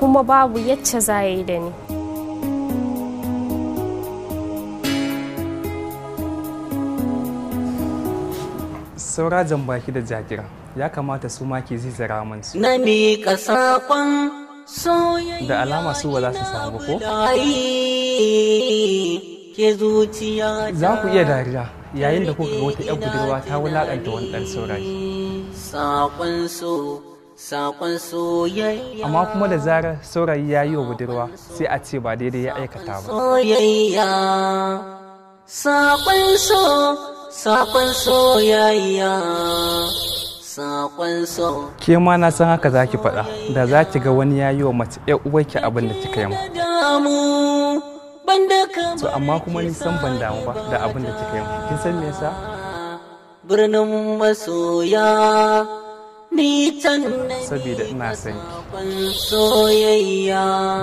kuma babu yacce za yi da ni saura jambaki baki da jakira ya kamata su maki zizara min su na miƙa saƙon da alama su ba za su samu ko za ku iya dariya yayin da kuka ga wata 'yan budurwa ta wulaƙanta wani ɗan saurayi soyayya. amma kuma da zarar saurayi ya yi wa budurwa sai a ce ba daidai ya aikata ba Soyayya. saƙon so saƙon soyayya saƙon so ke ma na san haka za ki faɗa da za ki ga wani ya yi wa mace ƴar uwarki abin da kika yi ma to amma kuma ni san ban damu ba da abin da kika yi ma kin san me yasa birnin masoya saboda ina son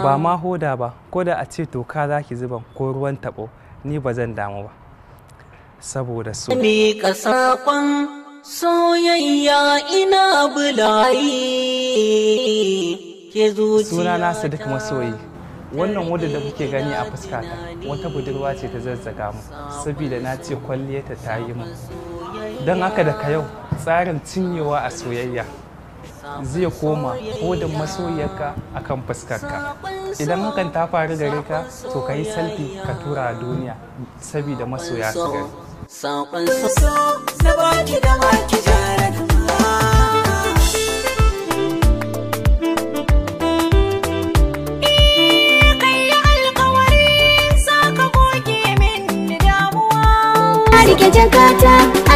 ba ma hoda ba ko da a ce toka za ki zuba ko ruwan taɓo ni ba zan damu ba saboda so miƙa sakon soyayya ina bulayi ke zuciya suna na sadiq masoyi wannan wadda da kuke gani a fuskata wata budurwa ce ta zazzaga mu saboda na ce kwalliyata ta yi mu don haka daga yau tsarin cinyewa a soyayya zai koma kodin masoyarka a kan fuskarka idan hakan ta faru gare ka to ka yi salfi ka tura a duniya saboda masoya su gari eh, Rike jakata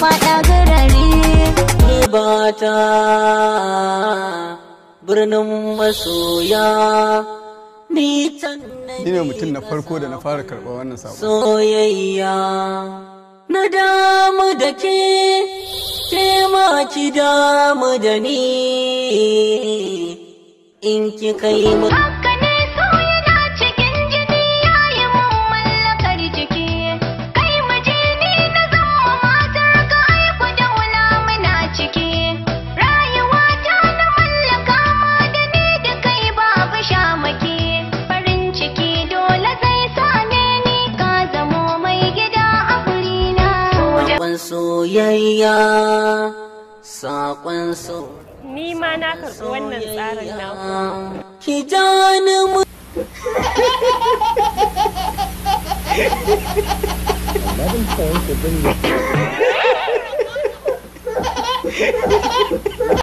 faɗa garare ni birnin masoya ni can ni ne mutum na farko da na fara karɓa wannan sabon soyayya na damu da ke ke ma ki damu da ni in ki kai mu biyayya saƙon so. Ni ma na karɓi wannan tsarin na. Ki jani mu.